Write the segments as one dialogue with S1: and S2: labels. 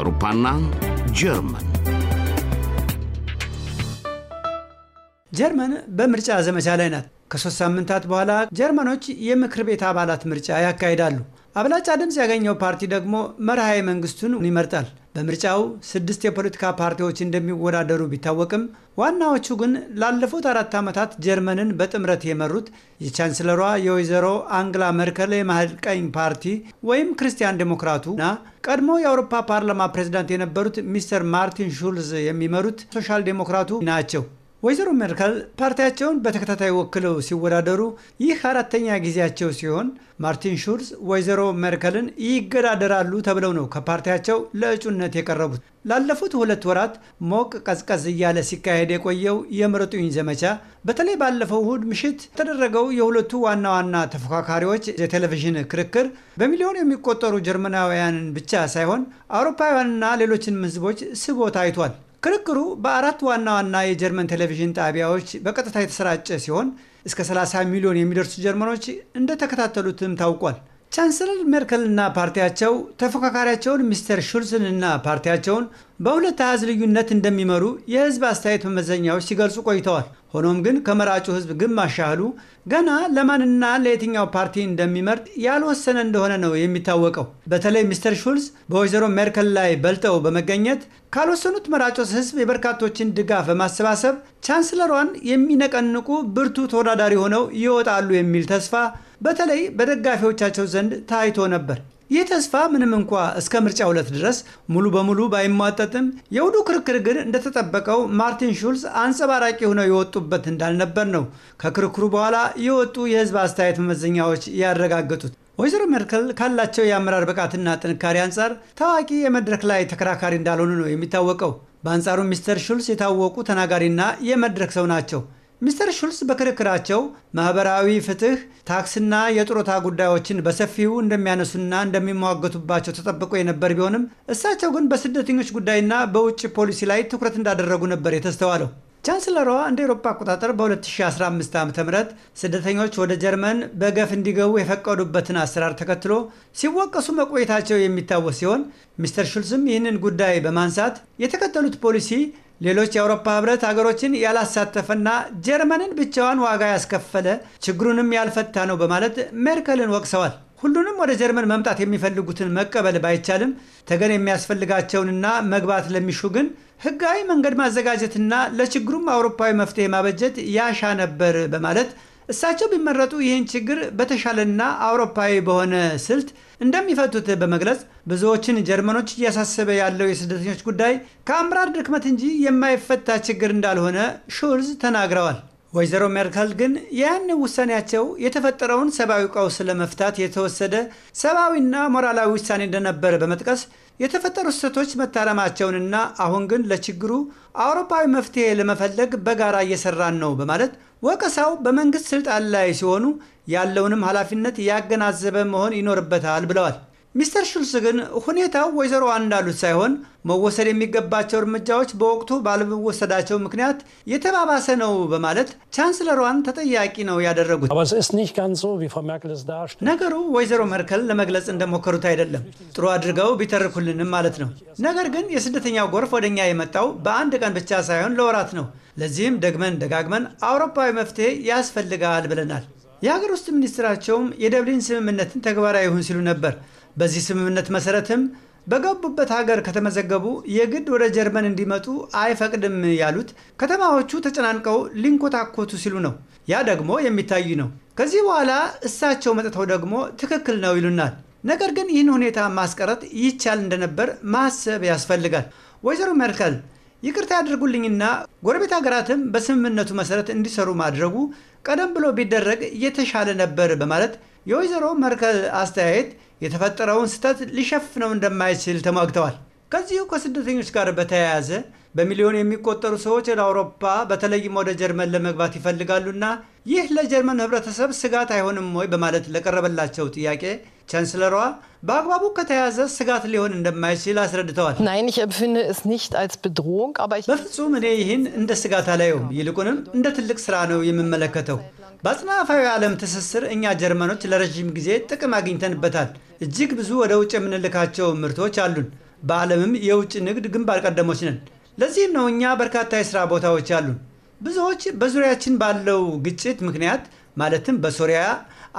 S1: አውሮፓና
S2: ጀርመን ጀርመን በምርጫ ዘመቻ ላይ ናት። ከሶስት ሳምንታት በኋላ ጀርመኖች የምክር ቤት አባላት ምርጫ ያካሂዳሉ። አብላጫ ድምፅ ያገኘው ፓርቲ ደግሞ መርሃዊ መንግስቱን ይመርጣል። በምርጫው ስድስት የፖለቲካ ፓርቲዎች እንደሚወዳደሩ ቢታወቅም ዋናዎቹ ግን ላለፉት አራት ዓመታት ጀርመንን በጥምረት የመሩት የቻንስለሯ የወይዘሮ አንግላ መርከል የመሀል ቀኝ ፓርቲ ወይም ክርስቲያን ዴሞክራቱና ቀድሞ የአውሮፓ ፓርላማ ፕሬዚዳንት የነበሩት ሚስተር ማርቲን ሹልዝ የሚመሩት ሶሻል ዴሞክራቱ ናቸው። ወይዘሮ ሜርከል ፓርቲያቸውን በተከታታይ ወክለው ሲወዳደሩ ይህ አራተኛ ጊዜያቸው ሲሆን ማርቲን ሹልስ ወይዘሮ ሜርከልን ይገዳደራሉ ተብለው ነው ከፓርቲያቸው ለእጩነት የቀረቡት። ላለፉት ሁለት ወራት ሞቅ ቀዝቀዝ እያለ ሲካሄድ የቆየው የምረጡኝ ዘመቻ በተለይ ባለፈው እሁድ ምሽት የተደረገው የሁለቱ ዋና ዋና ተፎካካሪዎች የቴሌቪዥን ክርክር በሚሊዮን የሚቆጠሩ ጀርመናውያንን ብቻ ሳይሆን አውሮፓውያንና ሌሎችንም ሕዝቦች ስቦ ታይቷል። ክርክሩ በአራት ዋና ዋና የጀርመን ቴሌቪዥን ጣቢያዎች በቀጥታ የተሰራጨ ሲሆን እስከ 30 ሚሊዮን የሚደርሱ ጀርመኖች እንደተከታተሉትም ታውቋል። ቻንስለር ሜርከልና ፓርቲያቸው ተፎካካሪያቸውን ሚስተር ሹልዝንና ፓርቲያቸውን በሁለት አሃዝ ልዩነት እንደሚመሩ የህዝብ አስተያየት መመዘኛዎች ሲገልጹ ቆይተዋል። ሆኖም ግን ከመራጩ ህዝብ ግማሽ ያህሉ ገና ለማንና ለየትኛው ፓርቲ እንደሚመርጥ ያልወሰነ እንደሆነ ነው የሚታወቀው። በተለይ ሚስተር ሹልስ በወይዘሮ ሜርከል ላይ በልጠው በመገኘት ካልወሰኑት መራጮች ህዝብ የበርካቶችን ድጋፍ በማሰባሰብ ቻንስለሯን የሚነቀንቁ ብርቱ ተወዳዳሪ ሆነው ይወጣሉ የሚል ተስፋ በተለይ በደጋፊዎቻቸው ዘንድ ታይቶ ነበር። ይህ ተስፋ ምንም እንኳ እስከ ምርጫ ሁለት ድረስ ሙሉ በሙሉ ባይሟጠጥም የውዱ ክርክር ግን እንደተጠበቀው ማርቲን ሹልስ አንጸባራቂ ሆነው የወጡበት እንዳልነበር ነው ከክርክሩ በኋላ የወጡ የሕዝብ አስተያየት መመዘኛዎች ያረጋገጡት። ወይዘሮ ሜርከል ካላቸው የአመራር ብቃትና ጥንካሬ አንጻር ታዋቂ የመድረክ ላይ ተከራካሪ እንዳልሆኑ ነው የሚታወቀው። በአንጻሩ ሚስተር ሹልስ የታወቁ ተናጋሪና የመድረክ ሰው ናቸው። ሚስተር ሹልስ በክርክራቸው ማኅበራዊ ፍትህ፣ ታክስና የጥሮታ ጉዳዮችን በሰፊው እንደሚያነሱና እንደሚሟገቱባቸው ተጠብቆ የነበር ቢሆንም እሳቸው ግን በስደተኞች ጉዳይና በውጭ ፖሊሲ ላይ ትኩረት እንዳደረጉ ነበር የተስተዋለው። ቻንስለሯ እንደ ኤሮፓ አቆጣጠር በ2015 ዓ ም ስደተኞች ወደ ጀርመን በገፍ እንዲገቡ የፈቀዱበትን አሰራር ተከትሎ ሲወቀሱ መቆየታቸው የሚታወስ ሲሆን ሚስተር ሹልስም ይህንን ጉዳይ በማንሳት የተከተሉት ፖሊሲ ሌሎች የአውሮፓ ህብረት ሀገሮችን ያላሳተፈና ጀርመንን ብቻዋን ዋጋ ያስከፈለ ችግሩንም ያልፈታ ነው በማለት ሜርከልን ወቅሰዋል። ሁሉንም ወደ ጀርመን መምጣት የሚፈልጉትን መቀበል ባይቻልም ተገን የሚያስፈልጋቸውንና መግባት ለሚሹ ግን ህጋዊ መንገድ ማዘጋጀትና ለችግሩም አውሮፓዊ መፍትሄ ማበጀት ያሻ ነበር በማለት እሳቸው ቢመረጡ ይህን ችግር በተሻለና አውሮፓዊ በሆነ ስልት እንደሚፈቱት በመግለጽ ብዙዎችን ጀርመኖች እያሳሰበ ያለው የስደተኞች ጉዳይ ከአምራር ድክመት እንጂ የማይፈታ ችግር እንዳልሆነ ሹልዝ ተናግረዋል። ወይዘሮ ሜርከል ግን ያን ውሳኔያቸው የተፈጠረውን ሰብአዊ ቀውስ ለመፍታት የተወሰደ ሰብአዊና ሞራላዊ ውሳኔ እንደነበረ በመጥቀስ የተፈጠሩ ስህተቶች መታረማቸውንና አሁን ግን ለችግሩ አውሮፓዊ መፍትሄ ለመፈለግ በጋራ እየሰራን ነው በማለት ወቀሳው በመንግስት ስልጣን ላይ ሲሆኑ ያለውንም ኃላፊነት ያገናዘበ መሆን ይኖርበታል ብለዋል። ሚስተር ሹልስ ግን ሁኔታው ወይዘሮ እንዳሉት ሳይሆን መወሰድ የሚገባቸው እርምጃዎች በወቅቱ ባለመወሰዳቸው ምክንያት የተባባሰ ነው በማለት ቻንስለሯን ተጠያቂ ነው ያደረጉት። ነገሩ ወይዘሮ መርከል ለመግለጽ እንደሞከሩት አይደለም፣ ጥሩ አድርገው ቢተርኩልንም ማለት ነው። ነገር ግን የስደተኛው ጎርፍ ወደኛ የመጣው በአንድ ቀን ብቻ ሳይሆን ለወራት ነው። ለዚህም ደግመን ደጋግመን አውሮፓዊ መፍትሄ ያስፈልጋል ብለናል። የሀገር ውስጥ ሚኒስትራቸውም የደብሊን ስምምነትን ተግባራዊ ይሁን ሲሉ ነበር። በዚህ ስምምነት መሰረትም በገቡበት ሀገር ከተመዘገቡ የግድ ወደ ጀርመን እንዲመጡ አይፈቅድም ያሉት ከተማዎቹ ተጨናንቀው ሊንኮታኮቱ ሲሉ ነው። ያ ደግሞ የሚታይ ነው። ከዚህ በኋላ እሳቸው መጥተው ደግሞ ትክክል ነው ይሉናል። ነገር ግን ይህን ሁኔታ ማስቀረት ይቻል እንደነበር ማሰብ ያስፈልጋል። ወይዘሮ ሜርከል ይቅርታ ያደርጉልኝና ጎረቤት ሀገራትም በስምምነቱ መሰረት እንዲሰሩ ማድረጉ ቀደም ብሎ ቢደረግ የተሻለ ነበር በማለት የወይዘሮ መርከዝ አስተያየት የተፈጠረውን ስህተት ሊሸፍነው እንደማይችል ተሟግተዋል። ከዚሁ ከስደተኞች ጋር በተያያዘ በሚሊዮን የሚቆጠሩ ሰዎች ወደ አውሮፓ በተለይም ወደ ጀርመን ለመግባት ይፈልጋሉና ይህ ለጀርመን ሕብረተሰብ ስጋት አይሆንም ወይ በማለት ለቀረበላቸው ጥያቄ ቻንስለሯ በአግባቡ ከተያዘ ስጋት ሊሆን እንደማይችል አስረድተዋል። ናይን ይህ empfinde es nicht አልስ Bedrohung, aber በፍጹም እኔ ይህን እንደ ስጋት አላየውም። ይልቁንም እንደ ትልቅ ስራ ነው የምመለከተው። በአጽናፋዊ ዓለም ትስስር እኛ ጀርመኖች ለረዥም ጊዜ ጥቅም አግኝተንበታል። እጅግ ብዙ ወደ ውጭ የምንልካቸው ምርቶች አሉን። በዓለምም የውጭ ንግድ ግንባር ቀደሞች ነን። ለዚህም ነው እኛ በርካታ የስራ ቦታዎች አሉን። ብዙዎች በዙሪያችን ባለው ግጭት ምክንያት ማለትም በሶሪያ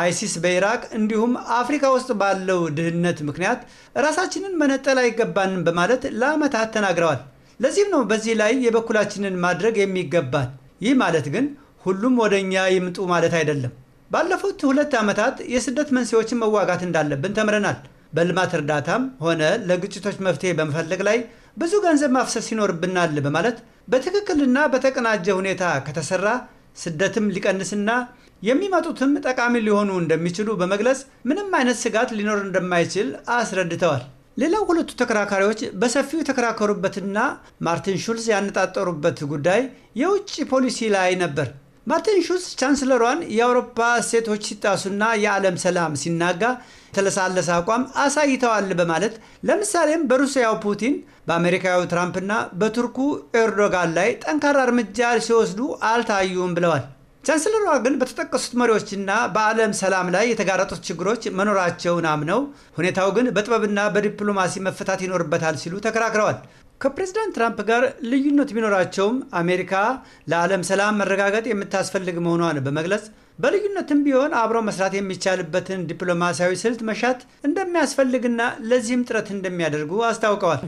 S2: አይሲስ በኢራቅ እንዲሁም አፍሪካ ውስጥ ባለው ድህነት ምክንያት ራሳችንን መነጠል አይገባንም በማለት ለዓመታት ተናግረዋል። ለዚህም ነው በዚህ ላይ የበኩላችንን ማድረግ የሚገባን። ይህ ማለት ግን ሁሉም ወደ እኛ ይምጡ ማለት አይደለም። ባለፉት ሁለት ዓመታት የስደት መንስኤዎችን መዋጋት እንዳለብን ተምረናል። በልማት እርዳታም ሆነ ለግጭቶች መፍትሄ በመፈለግ ላይ ብዙ ገንዘብ ማፍሰስ ይኖርብናል በማለት በትክክልና በተቀናጀ ሁኔታ ከተሰራ ስደትም ሊቀንስና የሚመጡትም ጠቃሚ ሊሆኑ እንደሚችሉ በመግለጽ ምንም አይነት ስጋት ሊኖር እንደማይችል አስረድተዋል። ሌላው ሁለቱ ተከራካሪዎች በሰፊው የተከራከሩበትና ማርቲን ሹልስ ያነጣጠሩበት ጉዳይ የውጭ ፖሊሲ ላይ ነበር። ማርቲን ሹልስ ቻንስለሯን የአውሮፓ እሴቶች ሲጣሱና የዓለም ሰላም ሲናጋ የተለሳለሰ አቋም አሳይተዋል በማለት ለምሳሌም በሩሲያው ፑቲን፣ በአሜሪካዊ ትራምፕና በቱርኩ ኤርዶጋን ላይ ጠንካራ እርምጃ ሲወስዱ አልታዩም ብለዋል። ቻንስለሯ ግን በተጠቀሱት መሪዎችና በዓለም ሰላም ላይ የተጋረጡት ችግሮች መኖራቸውን አምነው ሁኔታው ግን በጥበብና በዲፕሎማሲ መፈታት ይኖርበታል ሲሉ ተከራክረዋል። ከፕሬዝዳንት ትራምፕ ጋር ልዩነት ቢኖራቸውም አሜሪካ ለዓለም ሰላም መረጋገጥ የምታስፈልግ መሆኗን በመግለጽ በልዩነትም ቢሆን አብሮ መስራት የሚቻልበትን ዲፕሎማሲያዊ ስልት መሻት እንደሚያስፈልግና ለዚህም ጥረት እንደሚያደርጉ አስታውቀዋል።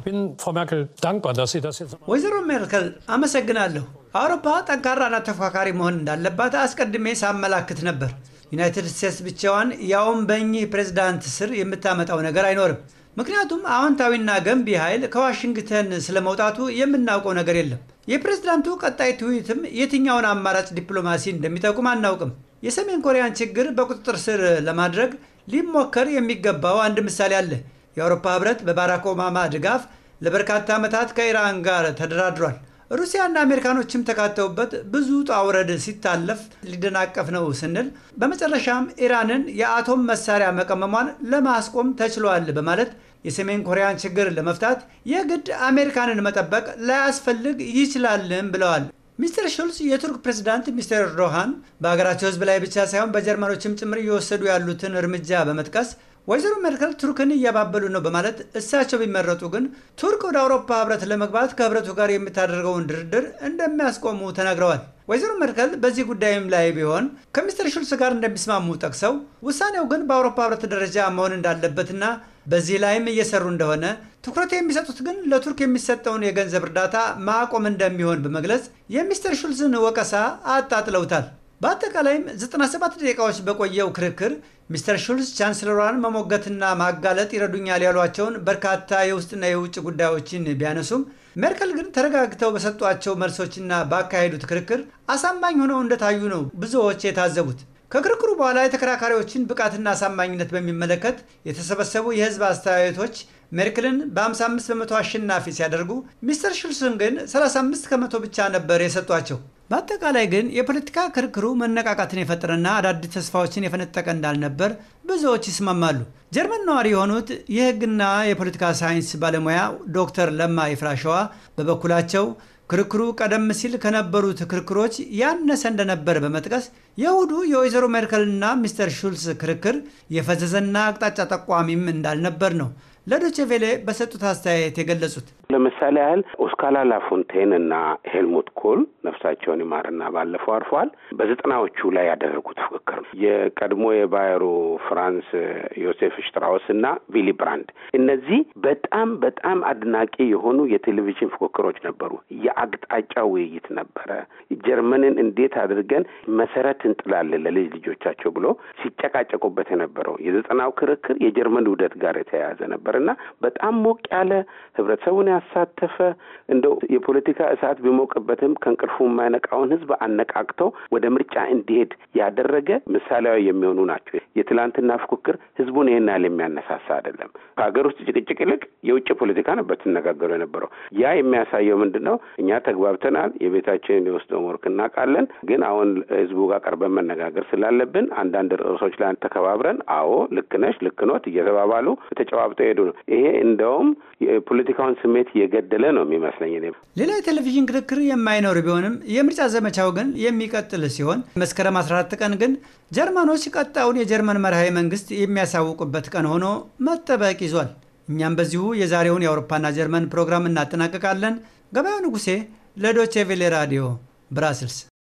S2: ወይዘሮ ሜርከል አመሰግናለሁ። አውሮፓ ጠንካራና ተፎካካሪ መሆን እንዳለባት አስቀድሜ ሳመላክት ነበር። ዩናይትድ ስቴትስ ብቻዋን ያውም በእኚህ ፕሬዝዳንት ስር የምታመጣው ነገር አይኖርም። ምክንያቱም አዎንታዊና ገንቢ ኃይል ከዋሽንግተን ስለመውጣቱ የምናውቀው ነገር የለም። የፕሬዝዳንቱ ቀጣይ ትውይትም የትኛውን አማራጭ ዲፕሎማሲ እንደሚጠቁም አናውቅም። የሰሜን ኮሪያን ችግር በቁጥጥር ስር ለማድረግ ሊሞከር የሚገባው አንድ ምሳሌ አለ። የአውሮፓ ህብረት በባራክ ኦባማ ድጋፍ ለበርካታ ዓመታት ከኢራን ጋር ተደራድሯል። ሩሲያና አሜሪካኖችም ተካተውበት ብዙ ጣውረድ ሲታለፍ ሊደናቀፍ ነው ስንል በመጨረሻም ኢራንን የአቶም መሳሪያ መቀመሟን ለማስቆም ተችሏል በማለት የሰሜን ኮሪያን ችግር ለመፍታት የግድ አሜሪካንን መጠበቅ ላያስፈልግ ይችላልም ብለዋል። ሚስተር ሹልስ የቱርክ ፕሬዝዳንት ሚስተር ኤርዶሃን በሀገራቸው ህዝብ ላይ ብቻ ሳይሆን በጀርመኖችም ጭምር እየወሰዱ ያሉትን እርምጃ በመጥቀስ ወይዘሮ ሜርከል ቱርክን እያባበሉ ነው በማለት እሳቸው ቢመረጡ ግን ቱርክ ወደ አውሮፓ ህብረት ለመግባት ከህብረቱ ጋር የምታደርገውን ድርድር እንደሚያስቆሙ ተናግረዋል። ወይዘሮ ሜርከል በዚህ ጉዳይም ላይ ቢሆን ከሚስተር ሹልስ ጋር እንደሚስማሙ ጠቅሰው ውሳኔው ግን በአውሮፓ ህብረት ደረጃ መሆን እንዳለበትና በዚህ ላይም እየሰሩ እንደሆነ ትኩረት የሚሰጡት ግን ለቱርክ የሚሰጠውን የገንዘብ እርዳታ ማቆም እንደሚሆን በመግለጽ የሚስተር ሹልዝን ወቀሳ አጣጥለውታል። በአጠቃላይም 97 ደቂቃዎች በቆየው ክርክር ሚስተር ሹልዝ ቻንስለሯን መሞገትና ማጋለጥ ይረዱኛል ያሏቸውን በርካታ የውስጥና የውጭ ጉዳዮችን ቢያነሱም ሜርከል ግን ተረጋግተው በሰጧቸው መልሶችና ባካሄዱት ክርክር አሳማኝ ሆነው እንደታዩ ነው ብዙዎች የታዘቡት። ከክርክሩ በኋላ የተከራካሪዎችን ብቃትና አሳማኝነት በሚመለከት የተሰበሰቡ የህዝብ አስተያየቶች ሜርክልን በ55 በመቶ አሸናፊ ሲያደርጉ ሚስተር ሹልስን ግን 35 ከመቶ ብቻ ነበር የሰጧቸው። በአጠቃላይ ግን የፖለቲካ ክርክሩ መነቃቃትን የፈጠረና አዳዲስ ተስፋዎችን የፈነጠቀ እንዳልነበር ብዙዎች ይስማማሉ። ጀርመን ነዋሪ የሆኑት የህግና የፖለቲካ ሳይንስ ባለሙያ ዶክተር ለማ ይፍራሸዋ በበኩላቸው ክርክሩ ቀደም ሲል ከነበሩት ክርክሮች ያነሰ እንደነበር በመጥቀስ የእሁዱ የወይዘሮ ሜርከልና ሚስተር ሹልስ ክርክር የፈዘዘና አቅጣጫ ጠቋሚም እንዳልነበር ነው ለዶቼ ቬሌ በሰጡት አስተያየት የገለጹት።
S1: ለምሳሌ ያህል ኦስካላ ላፎንቴን እና ሄልሙት ኮል ነፍሳቸውን ይማርና ባለፈው አርፈዋል። በዘጠናዎቹ ላይ ያደረጉት ፉክክር የቀድሞ የባየሩ ፍራንስ ዮሴፍ ሽትራውስ እና ቪሊ ብራንድ እነዚህ በጣም በጣም አድናቂ የሆኑ የቴሌቪዥን ፉክክሮች ነበሩ። የአቅጣጫ ውይይት ነበረ። ጀርመንን እንዴት አድርገን መሰረት እንጥላለን ለልጅ ልጆቻቸው ብሎ ሲጨቃጨቁበት የነበረው የዘጠናው ክርክር የጀርመን ውህደት ጋር የተያያዘ ነበር እና በጣም ሞቅ ያለ ህብረተሰቡን ያሳ እየተሳተፈ እንደው የፖለቲካ እሳት ቢሞቅበትም ከእንቅልፉ የማይነቃውን ህዝብ አነቃቅቶ ወደ ምርጫ እንዲሄድ ያደረገ ምሳሌያዊ የሚሆኑ ናቸው። የትላንትና ፉክክር ህዝቡን ይህን ያህል የሚያነሳሳ አይደለም። ከሀገር ውስጥ ጭቅጭቅ ይልቅ የውጭ ፖለቲካ ነበር ትነጋገሩ የነበረው። ያ የሚያሳየው ምንድን ነው? እኛ ተግባብተናል፣ የቤታችንን የውስጥ ወርክ እናውቃለን። ግን አሁን ህዝቡ ጋር ቀርበን መነጋገር ስላለብን አንዳንድ ርዕሶች ላይ ተከባብረን፣ አዎ ልክ ነሽ፣ ልክ ኖት እየተባባሉ ተጨባብጠው ሄዱ ነው። ይሄ እንደውም የፖለቲካውን ስሜት የገ የገደለ ነው የሚመስለኝ።
S2: ሌላ የቴሌቪዥን ክርክር የማይኖር ቢሆንም የምርጫ ዘመቻው ግን የሚቀጥል ሲሆን መስከረም 14 ቀን ግን ጀርመኖች ቀጣውን የጀርመን መርሃዊ መንግስት የሚያሳውቁበት ቀን ሆኖ መጠበቅ ይዟል። እኛም በዚሁ የዛሬውን የአውሮፓና ጀርመን ፕሮግራም እናጠናቀቃለን። ገበያው ንጉሴ ለዶቼ ቬሌ ራዲዮ ብራስልስ